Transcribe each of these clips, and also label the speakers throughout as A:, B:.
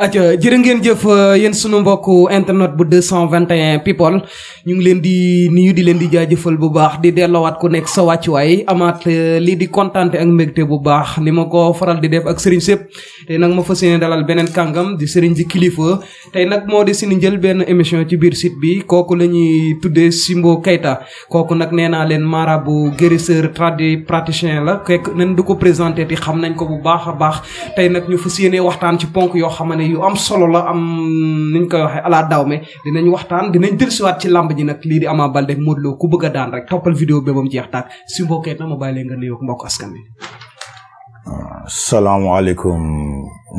A: aja jërë ngeen jëf euh, yéen suñu mbokku internet bu 221 people ñu ngi leen di nuyu di leen di jaajëfal bu baax di delloowaat ku nekk sa wàccuwaay amaat euh, lii di kontante ak mbégte bu baax ni ma ko faral di def ak sëriñ sépp tey nag ma fas yéene dalal beneen kàngam di sëriñ ji kilifa tey nag moo di sunu jël benn émission ci biir site bi kooku la ñuy tuddee Simbo Keita kooku nag nee naa leen marabu guérisseur tradipraticien la kekk nañ du ko présenté ti xam nañ ko bu baax a baax tey nag ñu fas yéene waxtaan ci ponk yoo xam ne yu am solo la am niñ koy waxee ala daw me dinañ waxtaan dinañ dellusiwaat ci làmb ji nag lii di Ama Baldé Modou Lo ku bëgg a daan rek toppal vidéo bi ba mu jeex tàkk si mbokkee na ma bàyyi leen nga nuyoo ak mbokk askan bi
B: salaamaaleykum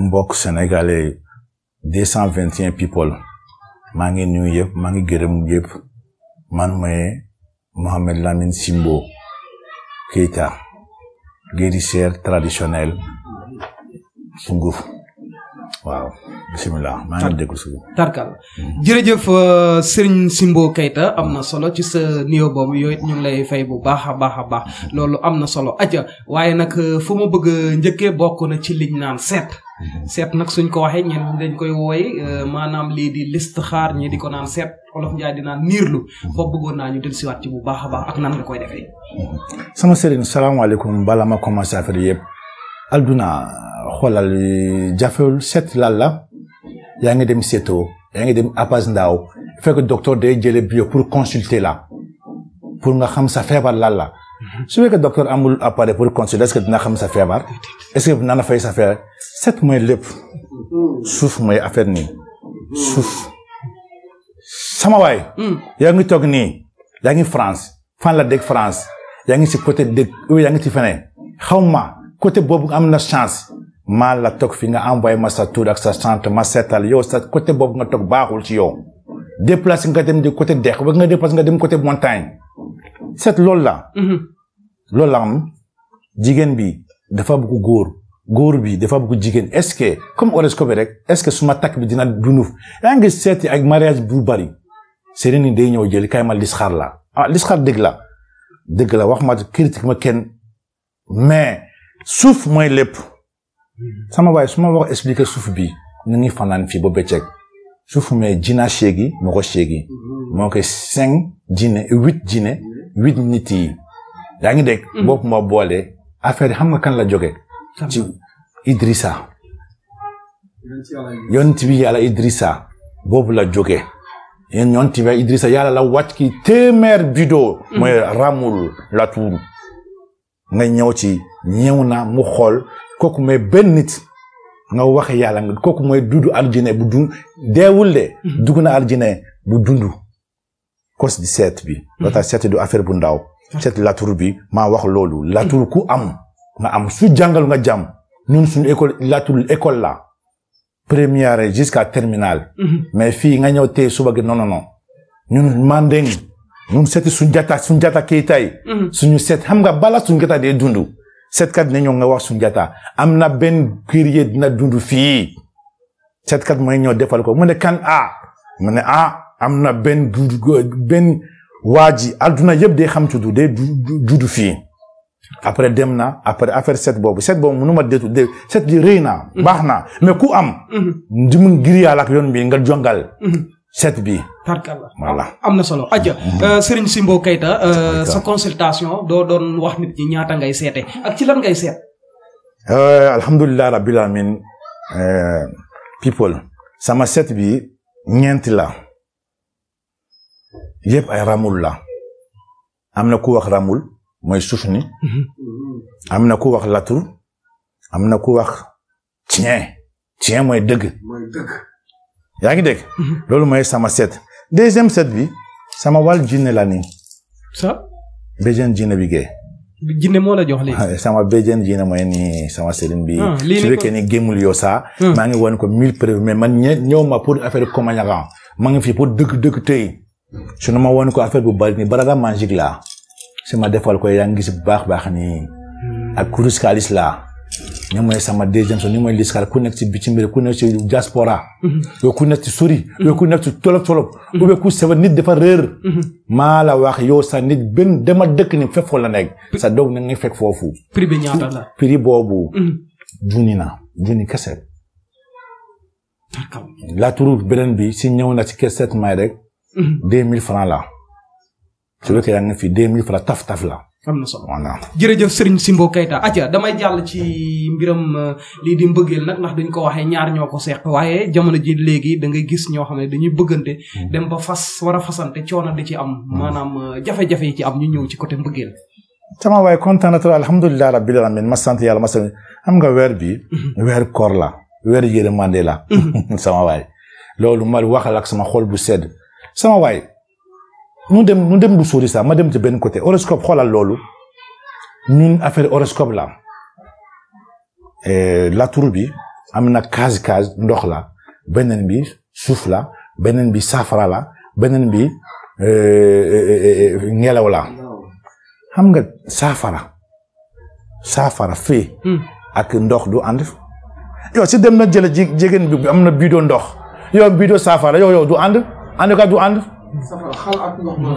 B: mbokk sénégalais deux vingt et un maa ngi nuyu yëpp maa ngi gërëm yëpp man mooy Mohamed Lamine Simbo Keita guérisseur traditionnel sunguf waaw bisimilah maa ngi déglu suñu.
A: tarkal mm-hmm. jërëjëf euh, Serigne Simbo Keita am na solo ci sa nuyoo boobu yooyu ñu lay fay bu baax a baax a baax mm-hmm. loolu am na solo aja waaye nag euh, fu ma bëgg a njëkkee bokk na ci liñ naan seet. Mm-hmm. seet nag suñ ko waxee ñenn dañ koy wooy euh, maanaam lii di list xaar ñii di ko naan seet olof njaay di naan lu foofu bëggoon naa ñu dellusiwaat ci bu baax a baax ak nan nga koy defee.
B: sama Serigne salaamaaleykum bala ma commencé affaire yëpp. alduna xoolal jafewul seet lal la yaa ngi dem seto yaa ngi dem apas ndaw fekk docteur day jële bio pour consulter la pour nga xam sa feebar lal la su fekkee docteur amul appareil pour consulter est que dina xam sa feebar est-ce que dina la fay sa feebar seet mooy lépp suuf mooy affaire nii suuf sama waay yaa ngi toog nii yaa ngi France fan la dëkk France yaa ngi si côté dëkk yaa ngi ci feneen xawma ma côté boobu am na chance maa la toog fi nga envoyé ma sa tur ak sa sant ma seetal yow sa côté boobu nga toog baaxul ci yow déplacé nga dem di côté dex ba nga déplacé nga dem côté montagne seet loolu la mhm. loolu la jigéen bi dafa bëgg góor bi dafa bëgg jigéen est-ce que comme horoscope bi rek est-ce que suma takk bi dina dunuf yaa ngi seeti ak mariage bu bari sëriñ ni day ñëw jël kay ma lisxaar la ah lisxaar dëgg la dëgg la wax ma critique ma kenn mais suuf mooy lépp hmm. sama baay su ma wax suuf bi ni ngi fanaan fii ba bëccëg suuf mooy jina séegi moko séegi hmm. moo koy cinq jinne huit jinne hmm. huit nit yi yaa ngi dégg boobu moo boole affaire yi xam nga kan la joge ci Idrissa yonent bi yàlla idrisa boobu la jóge yonent bi yàlla Idrissa la wàcc ki téeméer bidoo mooy ramul la tuur nga ñëw ci ñëw na mu xool kooku mooy benn nit nga waxe yàlla nga kooku mooy dund aljine bu dund deewul de mhm. dugg na aljine bu dund cause di seet bi loo mhm. tax seet du affaire bu ndaw ah. seet latur bi maa wax loolu mhm. latur ku am nga am su jàngal nga jàmm ñun suñu école latul école la première jusqu'à terminale mais fii nga ñëw tey suba gi non non ñoom seeti Sunjata Sunjata Keita yi mm-hmm. suñu seet xam nga bala Sunjata de dundu seetkat ne ñoo nga wax Sunjata am na benn période dina dundu fii seetkat mooy ñoo defal ko mu ne kan a ah. mu ne ah am na benn du benn waa ji adduna yëpp day xam tuddu day juddu fii après dem na après affaire set boobu set boobu mënu ma déetu dé set bi rëy na mm-hmm. baax na mais ku am ndimun mm-hmm. giri yàlla ak yoon bi nga jongal set bi.
A: tarkalla am na solo. aja mm-hmm. euh, Serigne Simbo Keita euh, sa consultation doo doon wax nit ñi ñaata ngay seete ak ci lan ngay seet.
B: Euh, alhamdulilah rabbil sama set bi ñeent la yëpp ay ramul la am na ku wax ramul mooy suuf ni mm-hmm. am na ku wax latur am na ku wax tien tien mooy dëgg. yaa ngi dégg. Mhm. loolu mooy sama seet. deuxième set bi sama wàll jinne la nii. sa. béjjén jinne bi gee. jinne moo la jox léegi. Ah, sama béjjén jinne mooy nii sama sëriñ bi. Ah, su fekkee ni gémul yoo saa. Hmm. maa ngi woon ko mille preuves mais man ñe ñëw ma pour affaire Komañakan maa ngi fi pour dëgg dëgg tey. su ma woon ko affaire bu bari ni barada magique laa. su ma defal ko yaa ngi gis bu baax baax ni hmm. ak kurus kaalis laa. ñoom mooy sama dee son ñoom mooy liskal ku nekk si bitim réew ku nekk ci diaspora mhm. yow ku nekk ci sori yow ku nekk ci tolof tolof mhm. ou bien ku seba nit dafa réer mhm. maa la wax yow sa nit benn dama dëkk ni fekk foofu la nekk sa doom na nga fekk foofu prix bi ñaata la boobu junni na junni kese laaturu beneen bi si ñëw na ci keset may rek deux mille francs la su fekkee yaa ngi fi deux mille francs taf taf la am na solo
A: jërëjëf Serigne Simbo Keita aja damay jàll ci mbiram euh, lii di mbëggeel nag ndax dañ ko waxee ñaar ñoo ko seq waaye jamono ji léegi da ngay gis ñoo xam ne dañuy bëggante hmm. dem ba fas war a fasante coono di ci am hmm. maanaam euh, jafe-jafe yi ci am ñu ñëw ci côté mbëggeel
B: sama waaye kontaan na trop alhamdulilah rabbil alamin ma sant yàlla ma sant xam nga weer bi hmm. weer koor la weer yërmande la sama waay loolu ma waxal ak sama xol bu sedd sama waay nu dem nu dem lu sori sax ma dem ci benn côté horoscope xoolal loolu ñun affaire horoscope la eh, am bi am na case case ndox la beneen bi suuf la beneen bi safara la beneen bi eh, eh, ngelaw la xam nga saafara saafara fee. Hmm. ak ndox du ànd. yow si dem na jële jigéen bi am na bidon ndox yow bidon saafara yow yow du ànd ànd ka du ànd.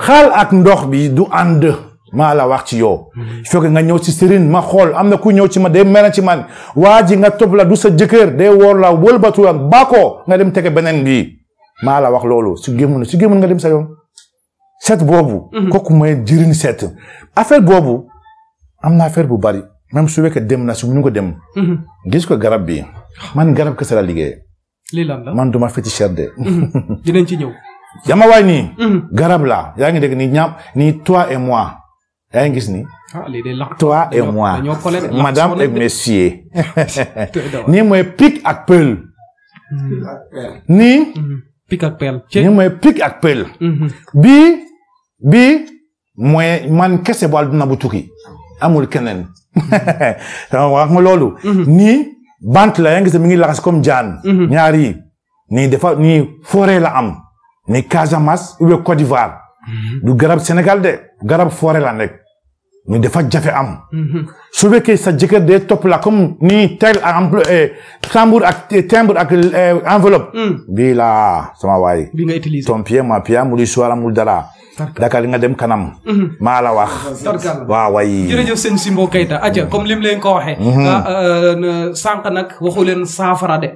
B: xaal ak ndox bi du ànd maa la wax ci yow mhm. il nga ñëw ci sëriñ ma xool am na ku ñëw ci ma day mel ci man waa ji nga topp la du sa jëkkër day woor la wëlbatu la baakoo nga dem tege beneen gi maa la wax loolu su gémmun su gémmun nga dem sa yoon set boobu mhm. kooku mooy jëriñ seet affaire boobu am na affaire bu bari même su fekkee dem na su ñu ko dem mhm. gis ko garab bi man garab kese la liggéey lii lan la man duma féticheur de ci ñëw yamawaay nii. Mm-hmm. garab la yaa ngi dégg ni ñaam ni toi et moi yaa ngi gis ni. Ah, toi et moi madame et monsieur. nii mooy pic ak pelle.
A: Mm-hmm.
B: nii. Mm-hmm.
A: pic ak pelle.
B: ak pelle. bii bii man kese bu àdduna bu tukki amul keneen. wax nga loolu. nii bant la yaa ngi gis mi ngi laxas comme jaan. ñaari nii dafa la am. mais Casamance ou bien Côte d'Ivoire. Mm-hmm. du garab Sénégal de garab forêt la nekk. ñu dafa jafe am. Mm-hmm. su fekkee sa jëkkër day topp la comme ni tel empl eh, tambour ak eh, timbre ak eh, enveloppe. Mm. bii la sama waay. bi nga utilisé ton mu ma pied amul dara. Dakar nga dem kanam. Mm-hmm. maa la wax. waaw waay. jërëjëf
A: sëñ Simbo Keita aja mm-hmm. comme lim leen ko waxee. Ah, euh, sànq nag waxu leen saafara de.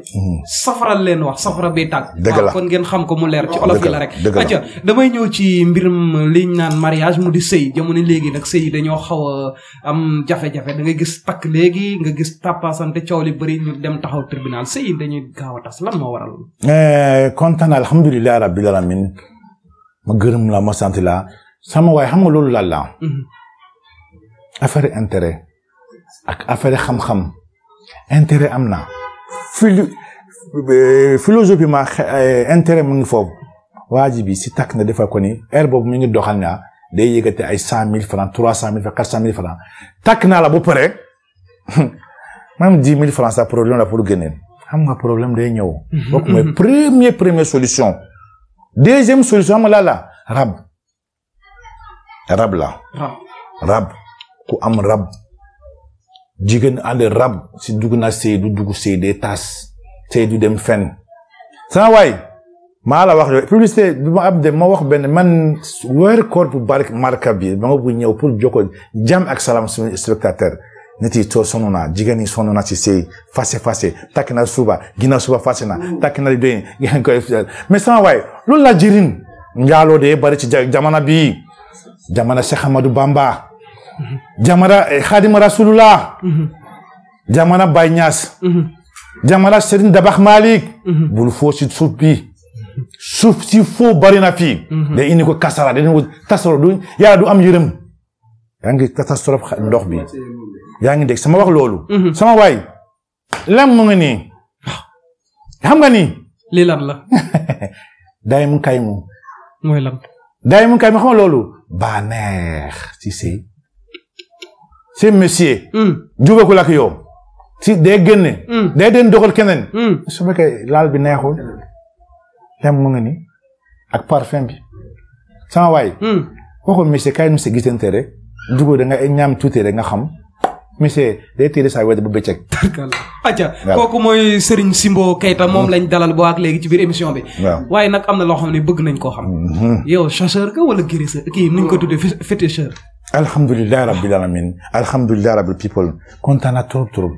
A: safaral leen wax safara bi tàgg. dëgg la ah, kon ngeen xam ko mu leer ci olof yi la rek. dëgg damay ñëw ci mbirum liñ naan mariage mu di sëy jamono léegi nag sëy dañoo dañoo xaw am jafe-jafe da gis takk léegi nga gis tàppasante coow li bëri ñu dem taxaw tribunal sëy dañuy gaaw a tas lan
B: eh, ma gërëm la ma sant la sama waay xam nga loolu laal la mhm. affaire intérêt ak xam-xam intérêt am na. Eh, philosophie ma eh, intérêt mu ngi foofu waa bi si takk na defal ko air boobu mi ngi doxal naa day yëkkati ay cent mille francs trois cent mille francs quatre takk naa la bu pare même dix mille francs sa problème la pour génneel xam nga problème day ñëw. donc mhm. mooy premier première solution. deuxième solution am la la rab. rab la. rab ku am rab. jigéen ànd rab si dugg na sëy du dugg sëy day tas sëy du dem fenn. sama maa la wax publicité bi ma am de ma wax benn man weer koor bu barke marka bi ma nga bu ñëw pour jokkoo ak salaam suñu spectateur nit too sonn naa jigéen ñi sonn naa ci sëy fase fase takk na suba ginnaaw suba fase na mm. takk na doy ngeen koy sama waay loolu la jëriñ njaaloo de bari ci jamana bi jamana Cheikh Amadou Bamba mm-hmm. jamana eh, Xaadimu Rasulullah mm-hmm. jamana Baye mm-hmm. jamana Serigne Dabax Malik bul foo ci bi suuf si foo bari na fii. Mhm. day indi ko kasara day indi ko tasaro du yàlla du am yërëm. yaa ngi catastrophe ndox bi. yaa ngi de sama wax loolu. Mhm. sama waay lan mu nga nii. xam nga nii. la. daay mu kay mu. daay mu kay mu xam nga loolu. baaneex si si. si monsieur. Mm. jubé ko la ak yow. si day génne. Mm. day den doxal keneen. Mm. su fekkee laal bi neexul. tem mu ngi nii ak parfum bi sama waay. Hmm. waxul monsieur kaay monsieur gisante da nga ñaam tuuti rek nga xam. monsieur day téye saa wedd kooku
A: mooy Serigne Simbo Keita moom hmm. lañ dalal boo ak léegi ci biir émission bi. waaye nag am na loo xam ne bëgg nañ koo
B: xam. Hmm.
A: yow chasseur ka wala guérisseur kii nuñ ko tuddee féticheur.
B: alhamdulilah rabbil alamin alhamdulilah rabbil people kontaan naa trop trop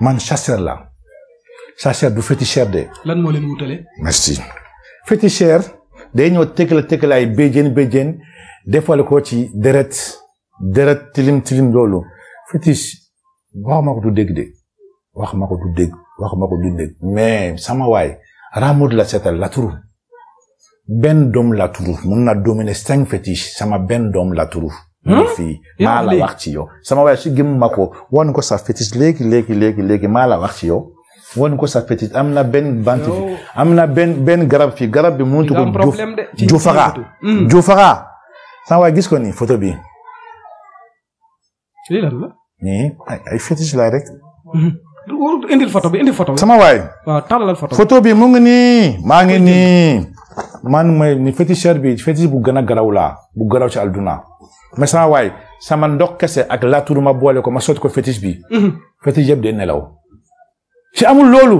B: man chasseur la chasseur du féticheur de.
A: lan moo leen wutale.
B: merci. féticheur day ñëw tëkkale tëkkale ay béjjén béjjén defal ko ci deret deret tilim tilim loolu fétiche wax ma du dégg de wax ma ko du dégg wax ma ko du dégg mais sama waay Rahamud la seetal la turu benn doom la turu mun na dominer cinq fétiche sama benn doom la turu fii maa la wax ci yow sama waay si gëm ma ko wan ko sa fétiche léegi léegi léegi léegi maala la wax ci yow woon ko sa petit am na benn bant fi am na benn benn garab fi garab bi mënut ko juuf juufaxaa juufaxaa san gis ko ni photo bi lii lan la nii ay fétiche la rek bi
A: indil photo sama waay waaw
B: bi mu ngi nii maa ngi nii man may ni féticheur bi fétiche bu gën a garaw laa bu garaw ci àdduna mais sama waay sama ndox kese ak ma boole ko ma sotti ko fétiche bi mhm. fétiche yëpp day nelaw ci amul loolu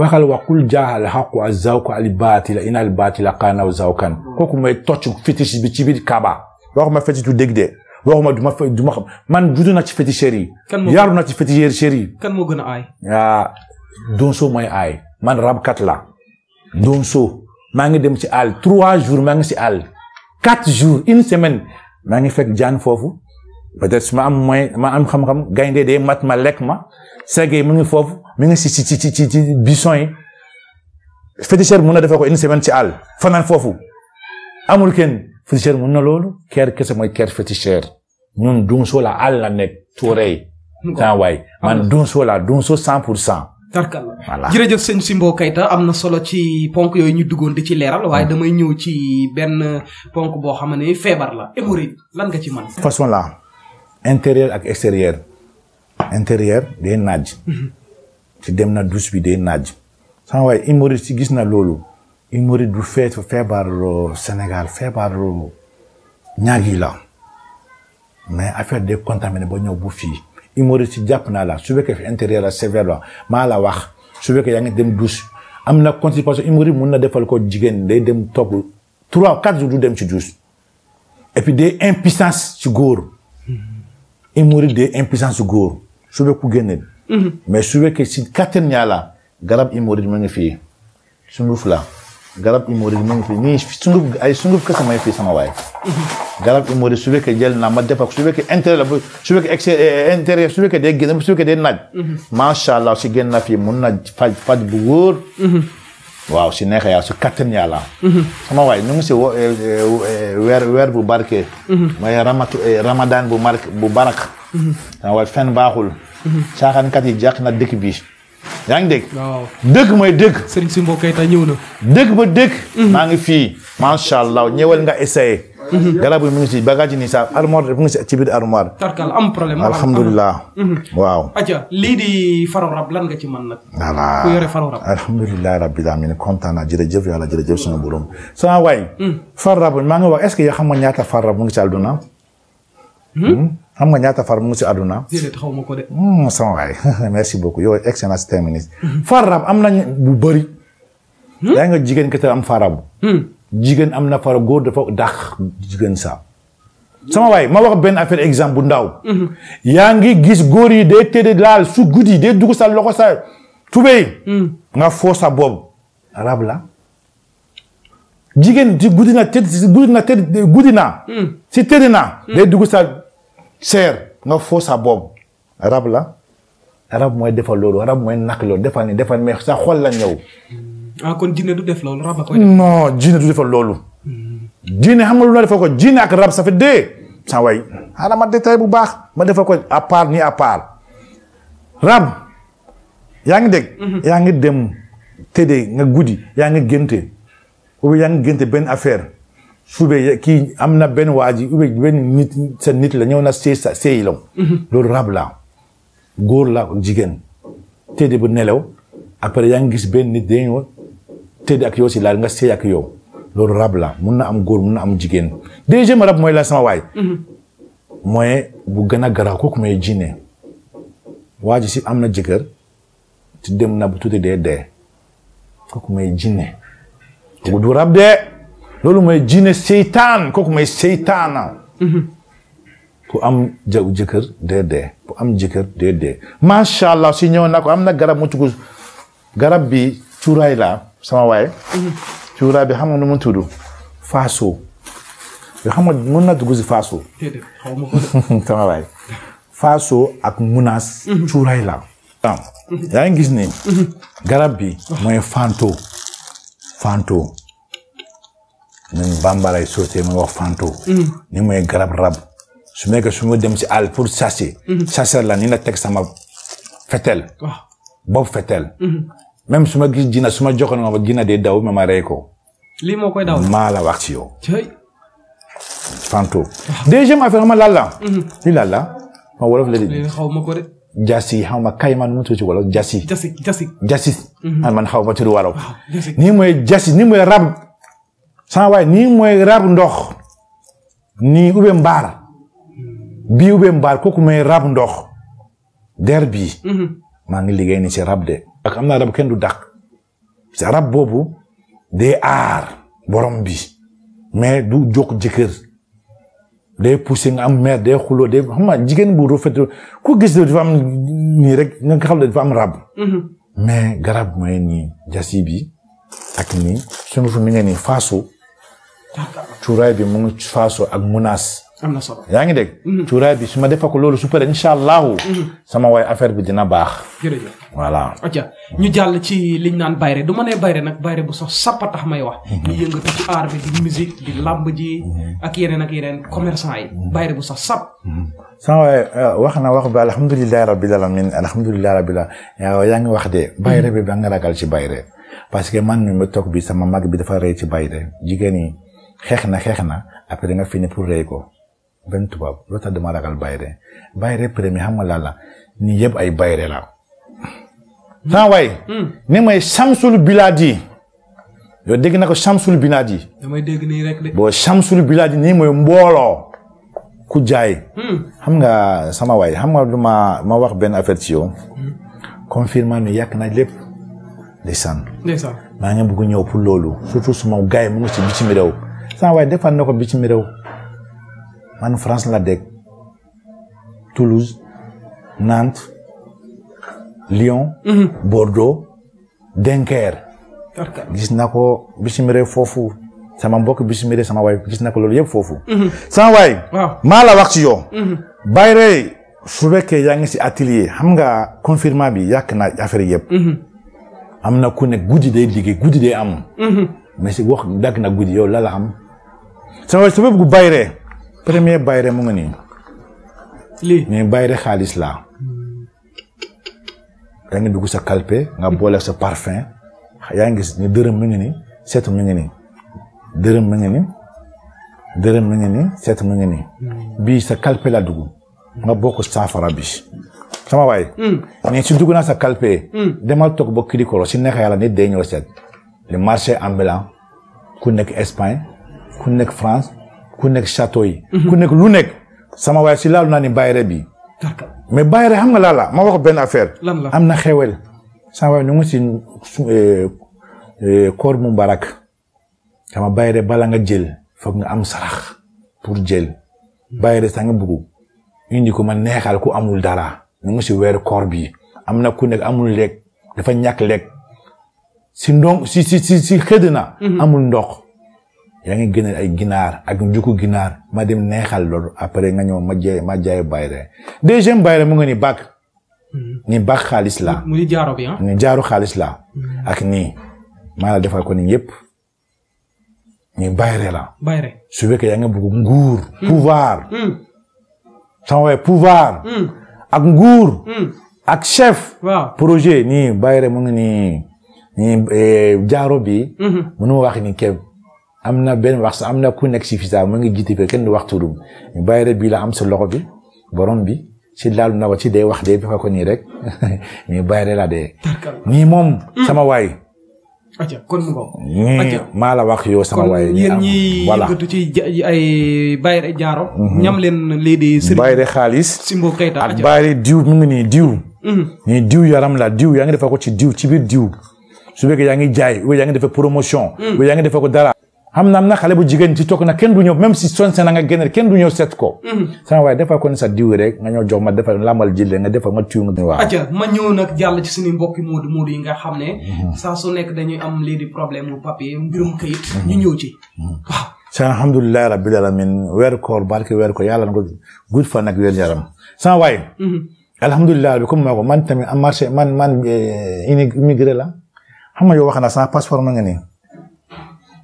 B: waxal waqul jaa al xaqu azzawku al baatila in al baatila kaanaw zawkan kooku may tocc fétiche bi ci bit Kaaba waxuma fétiche du dégg de waxuma du ma fa du ma man juddu na ci féticheur yi. kan moo yaaru na ci féticheur yi.
A: kan moo gën a aay.
B: ah donso mooy aay man rabkat la donso maa ngi dem ci àll trois jours maa ngi si àll quatre jours une semaine maa ngi fekk jaan foofu peut si su ma am moyen ma am xam-xam gaynde de mat ma lekk ma. segg yi mu ngi foofu mi ngi si ci ci ci ci bison yi féticheur mun na defee ko une semaine ci àll fanaan foofu amul kenn féticheur mun na loolu ker kese mooy ker féticheur ñun dunso la àll la nekk tuurey temps waay man dunso la dunso cent pour cent
A: tarkalla voilà jërëjëf sëñ Simbo Keita am na solo ci ponk yooyu ñu duggoon di ci leeral waaye mm. damay ñëw ci benn ponk boo xam ne feebar la hémorroïde lan nga ci mën
B: façon la intérieur ak extérieur intérieur day naaj. ci dem na douche bi day naaj. sama waay humoriste ci gis na loolu. humoriste du fee feebar Sénégal feebaru ñaar yi la mais affaire de contaminé boo ñëw bu fii humoriste si jàpp naa la su fekkee fi intérieur la sévère la maa la wax su fekkee yaa ngi dem douche am na constipation humoriste mun na defal ko jigéen day dem toog trois quatre jours du dem ci douche et puis des impuissance ci góor humoriste des impuissance ci góor sube ku génne. Mhm. mais su fekkee si kattanyaa la garab imorid ma ngi fi sunguf la garab imorid ma ngi fi nii sunguf ay sunguf kese ma ngi fi sama waay. Mhm. garab imorid su fekkee jël na ma def ak su fekkee intérêt la su fekkee exe eh, intérêt su fekkee day génn mhm. macha allah si génn na fi mun na faj faj bu wóor. waaw si neexee yàlla si kattan yàlla. sama waay ñu ngi si eh, eh, weer bu barke. mooy ramatu bu barak. dana waaye fen baaxul caaxaankat yi jàq na dëkk bi yaa ngi dégg dëgg mooy dëkk sëriñ si ñëw na dëgg ba dëgg mm-hmm. maa ngi fii macha allah ñëwal nga essayé mm-hmm. garab yi mu ngi si bagage sa armoire mu ngi si ci biir armoire tarkal am problème alhamdulilah mm-hmm. waaw
A: aja lii di faro rab lan nga ci mën nag
B: voilà ku yore faro rab alhamdulilah rabbil alamin kontaan naa jërëjëf yàlla jërëjëf sama borom sama mm. rab maa ngi wax est-ce que yoo xam nga ñaata faro rab mu ngi si àdduna hmm? Hmm? am nga ñaata far mu si àdduna. xaw ma ko hmm, sama waay merci beaucoup yow excellence terminus. Mhm. farab am nañ bu bëri. Hmm? yaa nga jigéen kese am farab. Hmm. jigéen am na fara góor dafa dàq jigéen saa. sama waay ma wax benn affaire exemple bu ndaw. Mhm. yaa ngi gis góor yi day tëdd laal su guddi day dugg sa loxo sa tubéy. nga foo sa boobu. rab la. jigéen ci guddi na si tëdd na. day dugg sa. seer nga foo sa boobu rab la rab mooy defal loolu rab mooy nak loolu defal ni defal mee sa xol la ñëw.
A: ah kon jinne du def loolu rab a
B: defal loolu. jinne xam nga lu ma defal ko jinne ak rab ça fait deux. saa waay ah, ma détail bu baax ma defal ko à ni à rab yaa ngi dégg. Mhm. yaa ngi dem tëddee nga guddi yaa ngi génte ou bien yaa ngi génte benn affaire. suubee kii am na benn waa ji oubien benn nit sa nit la ñëw na see sa seeyiloo. Mhm. loolu rab la góor la jigéen. tëdd bu nelaw après yaa ngi gis benn nit day ñëw tëdd ak yow si laal nga seey loolu rab la mun na am góor mun na am jigéen deuxième rab mooy la sama waay. Mhm. mooy bu gën a garaaw kooku mooy jinne waa si am na jëkkër te dem na bu tuuti dee dee kooku mooy jinne bu du rab dee. loolu mooy jinne seytaan kooku mooy seytaana mhm. ku am ja dee dee ku allah si ñëw na am na garab mu tugu garab bi cuuraay la sama waay mhm. cuuraay bi xam nga nu mu tudd faaso yoo xam nga na dugg si faaso sama waay faaso ak munaas mhm. cuuraay la yaa gis ne garab bi mooy fanto fanto même bambara yi sootee mooy wax fanto. Mm. ni mooy garab rab. su ma su ma dem si àll pour chasser. chasser mm-hmm. la ni na teg sama fetel. waaw boobu fetel. Mm-hmm. même su ma gis jina su ma jokkoon ma daw ma ma lii moo koy daw la wax ci yow. fanto. Ah. deuxième ma mm-hmm. la di. xaw ma ko xaw ma kay man mu ni mooy jasi ni mooy rab. sama waay nii mooy rab ndox nii ube mbaar bii ube mbaar kooku mooy rab ndox der bii mhm. maa ngi liggéey ni si rab de ak am naa rab kenn du dàq rab boobu day aar borom bi mais du jóg jëkkër day poussé nga am mer day xuloo day xam nga jigéen bu rafet ku gis dafa am nii rek nga xam ne dafa rab mhm. mais garab mooy nii jasi bi ak nii sunu fu mi nga cuuraay bi mu ngi faasoo ak munaas. am na solo yaa ngi dégg. Mhm. cuuraay bi su ma defee ko loolu su paree incha allahu. Mhm. sama waay affaire bi dina baax. jërëjëf voilà. atia ñu
A: jàll ci liñ naan bayre du ma nee bayre nag bayre bu sax sappa tax may wax. ñu mhm. yëngatu ci aar bi di musique di ji. ak yeneen ak yeneen commerçant yi. bayre bu sax sap.
B: sama waay euh, wax na wax ba alhamdulilah rabbil alamin alhamdulilah rabbil alamin yaa ngi wax de. bayre bi ba nga ragal ci bayre parce que man mi ma toog bi sama mag bi dafa rey ci bayre jigéen ñi. xeex na xeex na après da nga fini pour rey ko benn tubaab loolu tax dama ragal bayre bayre premier xam nga laa la ni yëpp ay bayre la temps waay hmm. ni may samsul bilaadi yow dégg na ko samsul bilaadi
A: damay dégg nii
B: rek de boo nii mooy mbooloo ku jaay hmm. xam nga sama waay xam nga duma ma wax benn affaire ci yow hmm. confirmant mi yàq na lépp ndeysaan ndeysaan maa ngi bëgg ñëw pour loolu surtout suma gaay mu ngi ci bitim réew sama waay defal na ko bitim réew man France la dëkk Toulouse Nantes Lyon. Mhm. Bordeaux Dunkerque. gis na ko bitim réew foofu sama mbokk bitim réew sama waay gis na ko loolu yëpp foofu. Mhm. sama waay. maa la wax si yow. Mhm. bàyyi rey yaa ngi si atelier xam nga confirmation bi yàq na affaire yëpp. am na ku nekk guddi day liggéey guddi day am. mais si wax dagg na guddi yow la am. sama sama bëgg bayre premier bayre mu nga ni lii mais bayre xaalis la yaa ngi dugg sa calpe nga boole sa parfum yaa ngi ni dërëm mi ngi nii seetu mi ngi nii dërëm mi ngi nii dërëm mi ngi nii seetu mi ngi nii. bii sa calpe laa dugg. bokk saafara bi. sama waay. Hmm. mais si dugg na sa calpe. Hmm. demal toog ba Kirikoro si nekk yàlla ni day ñëw seet. le marché ambulant ku nekk Espagne. ku nekk France ku nekk château yi. ku nekk lu nekk. sama waay si laalu naa ni bayre bi. mais bayre xam nga laa la ma wax benn affaire. lan la am na xewel. sama waay ñu ngi si eh, eh, koor mu barak. sama bayre bala nga jël foog nga am sarax pour jël. bayre sa nga indi ko ma neexal ku amul dara. ñu ngi si weeru koor bi. am na ku nekk amul lekk dafa ñàkk lekk. si ndong si si si na. Mhm. amul ndox. yaa ngi génneel ay ginaar ak njuku ginaar ma dem neexal loolu après nga ñëw ma jaay ma jaay bayre deuxième bayre mu nga ni bàkk mm-hmm. ni bàkk xaalis la
A: mu ni jaaro bi ah?
B: ni xaalis la mm-hmm. ak nii maa la ko ni yépp ni bayre la bayre su fekkee yaa ngi bëgg nguur mm. pouvoir mm. sama waaye pouvoir mm. ak nguur ak chef projet nii bayre mu ngi nii nii eh, jaaro bi mm-hmm. mënu ma ni képp am na benn wax am na ku nekk si fisa mu ngi jiite kenn du wax turam bayre bi la am sa loxo bi borom bi si laal na ko ci day wax dee bi fa ko nii rek mais bayre la dee ni moom mm. sama waay kon maa la wax yow sama waay yéen ñi
A: ci ay bayre jaaro mhm. ñam leen lii di sëriñ bayre xaalis Simbo Keita ak bayre
B: diw mu ngi nii diw mhm. nii diw yaram la diw yaa ngi defa ko ci diw ci biir diw su fekkee yaa ngi jaay ou yaa ngi defa promotion ou mm. yaa ngi defa ko dara xam na na xale bu jigéen ci toog na kenn du ñëw même si son seen nga génne kenn du ñëw seet ko. Mhm. sama waaye defal ko ni sa diw rek nga ñëw jox ma defal làmbal jille nga ma tuyu nga. waaw atia
A: ma ñëw nag jàll ci suñu mbokki Modou Modou yi nga xam ne. Mhm. sa su nekk dañuy am lii di problème mu papier mbirum këyit. ñu
B: mhm. ñëw ci waaw. sëñ alhamdulilah rabbil alamin weer ko barke weer koor yàlla na ko gudd fa ak weer yaram sama waaye. alhamdulilah bi comme maa ko man tamit marché man man eh, immigré la xam nga yow wax na sama passeport ma nga nii.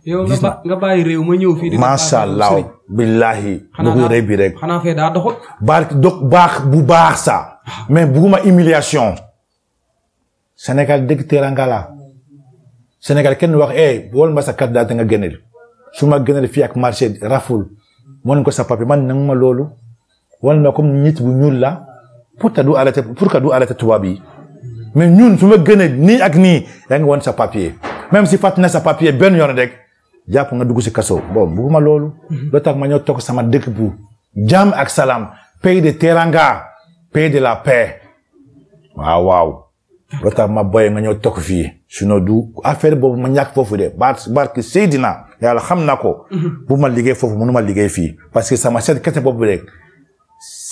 A: yow nga bàyyi réew ma ñëw fii. macha allah
B: billahi. xanaa bu rëy bi rek. xanaa fee daa doxul. barke baax bu baax sa mais buguma humiliation Sénégal dëgg teranga Sénégal kenn wax eh wol ma sa carte d'identité nga génneel su ma génneel fii ak marché raful mën ko sa papier man nangu ma loolu wala ma mu nit bu ñuul la pour que du arrêté pour que du tubaab yi mais ñun su ma génneel nii ak nii yaa ngi woon sa papier même si fàtt na sa papier benn yoon rek. jàpp nga dugg si kaso bon ma loolu. loo mhm. tax ma ñëw toog sama dëkk bu. jàmm ak salaam pays de teranga pays de la paix. waaw waaw. loo tax ma booy nga ñëw toog fii. sinon du affaire boobu ma ñàkk foofu de barke barke Seydina yàlla xam na ko. Mhm. bu ma liggéey foofu mënu ma liggéey fii. parce que sama seet kese boobu rek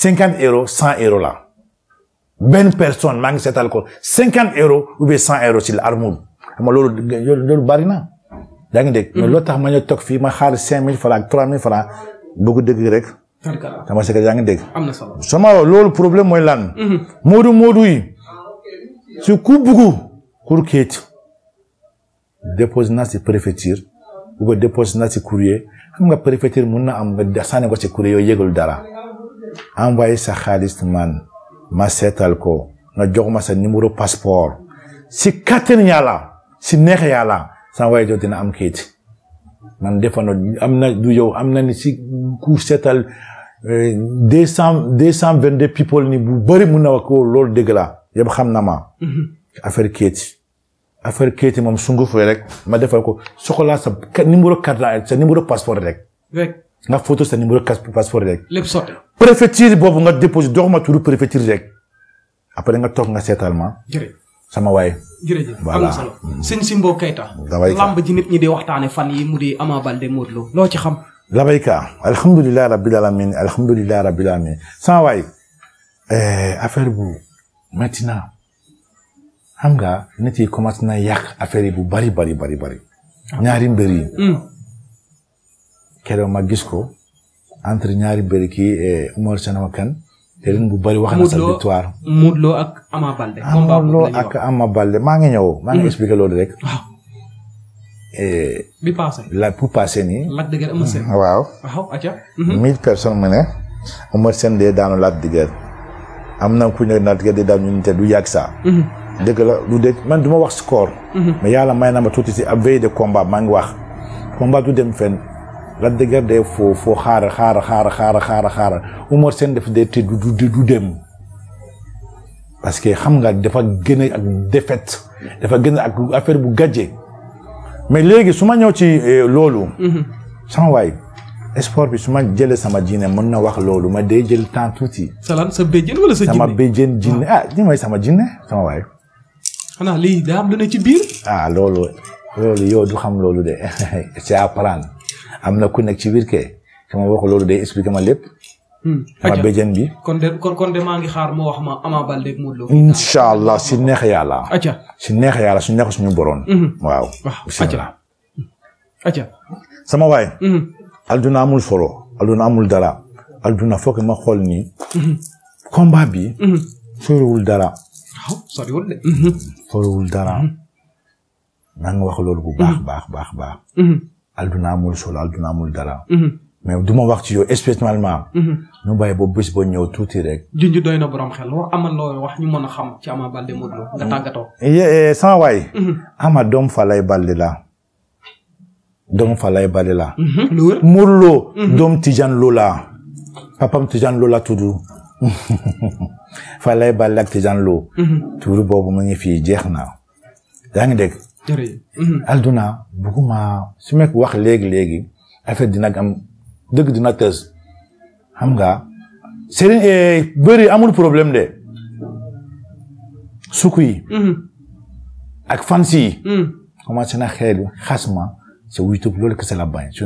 B: cinquante euros cent euros la. benn personne maa ngi seetal ko cinquante euros ou bien cent euros si la armoul. xam loolu loolu yaa ngi dégg. mais mhm. loolu tax ma ñu toog fii ma xaar cinq mille francs ak trois mille francs bëgg dëgg rek. dama sekk yaa ngi dégg. am na solo sama loolu problème mooy lan. Mhm. moodu moodu yi su ku bugg kur kayit dépose na si préfecture ou bien dépose na si courrier xam nga préfecture mun na am nga sànni ko si courrier yooyu yëgul dara envoyé sa xaalis man ma seetal ko nga jox ma sa numéro passeport si kattan yàlla si neex yàlla. sans waaye jot dina am kayit man defandoo am na du yow am na ni si ku seetal eh, deux cent deux cent vingt deux people ni bu bëri mun na wax ko loolu dëgg laa yëpp xam na ma mhm. affaire kayit affaire kayit moom sungu fooy rek ma defal ko soxlaa sa numéro carte sa numéro passeport rek nga photo sa numéro passeport rek lépp sotti préfecture boobu nga déposé dox ma turu préfecture rek après nga toog nga seetal ma sama waay.
A: jërëjëf am na solo sëñ Simbo Keita. lamb ñi di waxtaane fan yi mu di Ama Baldé Modou Lo
B: loo ci xam. labayka alhamdulilah rabbil alamin alhamdulilah rabbil alamin sama waay eh, affaire bu métti na xam nga nit yi commencé na yàq affaire bu bari bari bari bari. ñaari mbër yi. Mm. keroog ko entre ñaari mbër kii Umar eh, Sanama Kan te ren bu bëri wax na sa victoire.
A: Modou Lo ak Ama Balde.
B: Ah, maa ngi ñëw. maa ngi mm-hmm. expliqué loolu rek. Eh, bi la pour passé nii. Lac de Guiers Eumeu Sène. Mm-hmm, waaw waaw atia. Mm-hmm. mu ne. Eumeu Sène de daanu Lac de am na ku ne Lac de daanu ñu te du yàgg saa. dëgg la du dëgg man du wax score. mais yàlla may na ma tuuti si ab veille de combat maa ngi wax. combat du dem fenn. Lac de Guiers day foo foo xaara xaara xaara xaara xaara xaara Umar Sène daf dee du du du que xam nga dafa gën a ak dafa gën ak affaire bu gàjje mais léegi su ma ñëw ci euh, loolu mm-hmm. sama waay sport bi su ma jëlee sama jinne mën na wax loolu ma day jël temps tuuti
A: salaan sa béjjén
B: jinne sama béjjén jinne ah ñi ah, may sama jinne sama waay xanaa ci biir ah loolu yow du xam loolu de c'est à am na ku nekk ci biir kee sama wax loolu de expliqué ma lépp.
A: ma hmm. béjjén bi. kon kon de maa ngi xaar moo wax ma Ama
B: allah si neex yàlla. acca si neex yàlla su neex suñu boroon. Hmm. waaw acca acca sama waay. Hmm. alduna amul folo alduna amul dara alduna foog ma xool nii. combat bi. soriwul dara. dara. na wax loolu bu baax baax baax baax. alduna amul sol alduna amul dara. Mhm. mais du ma wax ci yow spécialement. ñu mhm. bàyyi ba bés ba ñëw tuuti rek. junj doy
A: na borom xel loo a xam ci Ama Baldé Modou Lô nga tàggatoo. Eh,
B: eh, sama waay. Mhm. Ama doom Falaye Baldé doom Falaye Baldé la. lu doom Tidiane Lô papam Tidiane Lô la tuddu. Falaye Baldé ak Tidiane boobu mu ngi fii jeex yaa ngi dégg. jërëjëf. Mm-hmm. alduna bëgguma su ma wax léegi léegi affaire dina am dëgg dina tës xam nga. sëriñ eh, bëri amul problème de sukk mm-hmm. ak fans yi. Mm-hmm. commencé na xel xas ma sa YouTube loolu kese la bañ su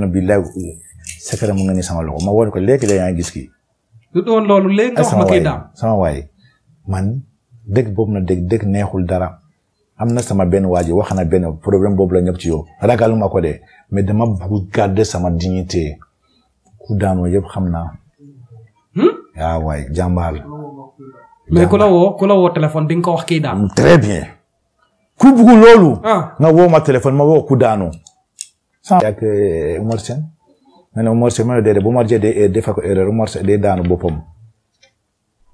B: sekere mu nga ni sama loxo ma woon ko léegi yaa ngi gis kii.
A: lu doon loolu léegi nga ah, wax
B: sama waay man dëgg boobu na dëgg dëgg neexul dara. am na sama benn waa ji wax na benn problème boobu la ñëpp ci yow ragaluma ko de mais dama bugg garder sama dignité ku daanoo yëpp xam naa. Hmm? ah waay jàmbaar.
A: mais ku la woo ku la woo téléphone di nga ko wax kii daan. Mm,
B: très bien. ku bugg loolu. Ah. nga woo ma téléphone ma woo ku daanoo. sànq ak euh, Umar Sène ma Umar Sène ma ne bu ma jee de defa ko daanu boppam.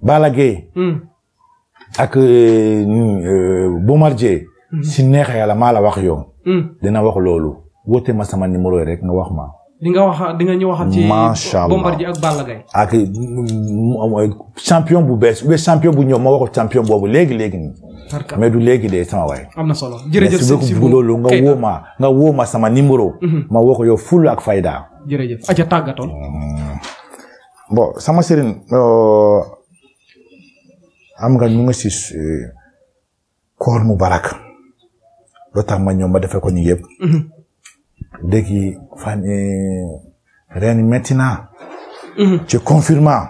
B: Balla Gaye. Hmm. ak euh, euh, Bombardier mhm. si neexee yàlla maa la wax yow. Mm. dina wax loolu woote ma sama numéro yi rek nga wax ma.
C: di nga wax
A: di nga ñu waxal ci. macha allah
B: ak mm, mm, champion bu bees oubien champion bu ñëw ma wax champion boobu léegi léegi nii. mais du léegi de sama waay.
A: si bu loolu nga woo
B: ma nga woo ma sama numéro. Mhm. ma wax ko yow ak fayda. jërëjëf sama sëriñ. Euh, am nga ñu ngi si koor mu barak loo tax ma ñëw ma defee ko ñu yëpp. Mhm. léegi fan ren metti na. Mhm. ci confinement.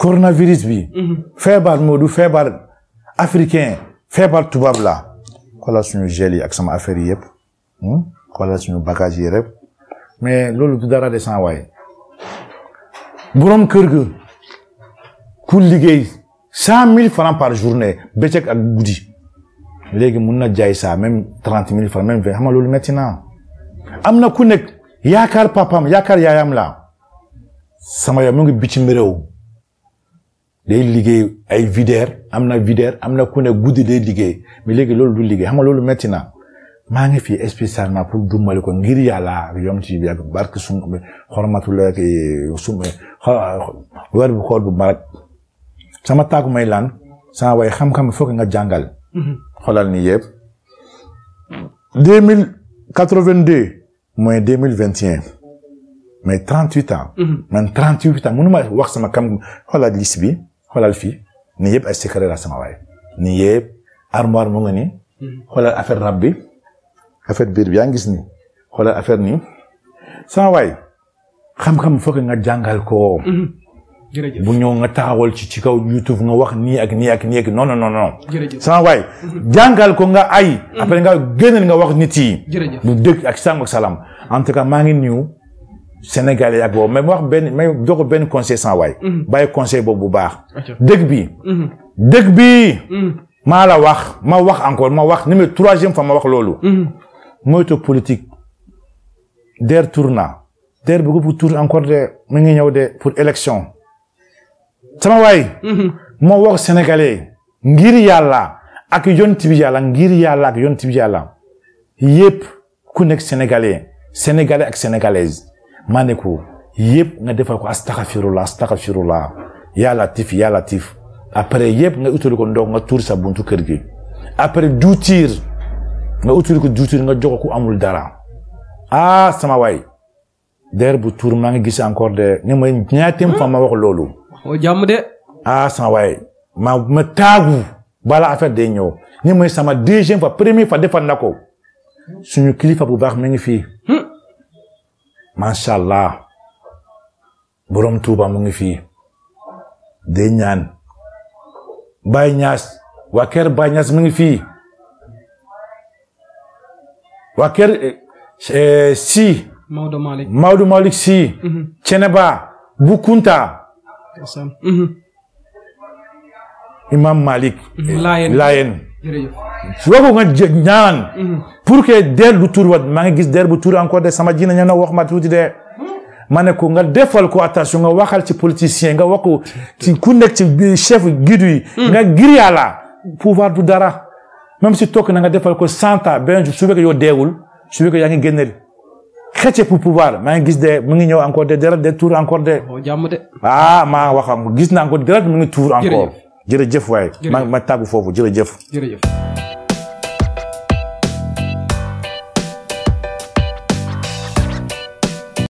B: coronavirus bi. Mhm. feebar moo du feebar africain feebar tubaab la. xoolal suñu gel yi ak sama affaire yi yëpp. Hmm? xoolal suñu bagage yi mais loolu du dara de sans waaye. borom kër gi. ku liggéey cent mille francs par journée bëccëg ak guddi léegi mun na jaay saa même trente mille francs même vingt xam nga loolu métti naa am na ku nekk yaakaar papam yaakaar yaayam la sama yaay ngi bitim réew day liggéey ay videur am na videur am na ku ne guddi day liggéey mais léegi loolu du liggéey xam nga loolu métti na maa ngi fi spécialement pour dumbali ko ngir yàlla yom ci bi ak barke sum xormatul ak sum weer bu xool bu barak sama taagu may laan sama way xam-xam foog nga jàngal. Mhm. xoolal ni yëpp. deux mille vingt deux. mooy deux mille vingt et mais trente huit ans. Mhm. man trente huit ans mënuma wax sama kam xoolal liste bi fii ni yëpp ay secret la sama waay. ni yëpp armoire mu nga ni. Mhm. xoolal affaire rab bi. affaire biir bi yaa ngi gis ni. xoolal affaire nii. sama waay xam-xam foog nga jàngal ko. bu ñëw nga taxawal ci ci kaw youtube nga wax nii ak nii ak nii ak non non non non sama waay mhm. jàngal ko nga ay mhm. après nga génnal nga wax nit yi lu dëgg ak sàmm ak salaam en tout cas maa ngi nuyu sénégalais ak boobu ma wax benn may jox benn conseil sama waay mhm. bàyyi conseil boobu bu baax dëgg bi dëgg bi maa la wax ma wax encore ma wax numéro troisième fois ma wax loolu moytu politique der tourna der bëgg pour tour encore de mu ngi ñëw de pour élection sama waay. Mm-hmm. moo wax sénégalais ngir yàlla ak yonent bi yàlla ngir yàlla ak yoon bi yàlla yëpp ku nekk sénégalais sénégalais ak sénégalaise maa ne ko yëpp nga defal ko astaghfirullah astaghfirullah yaa latif yaa latif après yëpp nga utali ko ndox nga tuur sa buntu kër gi après duutir nga utali ko duutir nga jox ko amul dara ah sama waay der bu tuur maa ngi gis encore de ne ma ñaatem fa ma wax loolu. oo jàmm de. ah sama waay ma ma taagu bala affaire day ñëw ni mooy sama deuxième fois première fois defal na ko suñu kilifa bu baax mi ngi fii hmm. macha allah borom tuuba mu ngi fii day ñaan Baye Niass waa kër Baye Niass mu ngi fii waa kër eh, eh, si Maodo Malick hmm. Ceneba Bukunta Mhm. imam Malik. Mhm. Laayeen Laayeen.
C: jërëjëf
B: ko nga ñaan. Mhm. pour que der du wat maa ngi gis der bu tur de sama ji ña na wax ma tuuti de. ma ne ko nga defal ko attention nga waxal si politicien nga wax ko ci ku nekk ci chef gidu nga giriya pouvoir du dara. même si toog na nga defal ko santa benn su fekkee yow deewul su fekkee yaa ngi xëcc pour pouvoir maa ngi gis de mu ngi ñëw encore de deret de tour encore de. Oh, jàmm de. ah maa wax am gis naa encore deret mu ngi tour encore. jërëjëf jërëjëf waaye. ma ma tàggu foofu jërëjëf.
A: jërëjëf.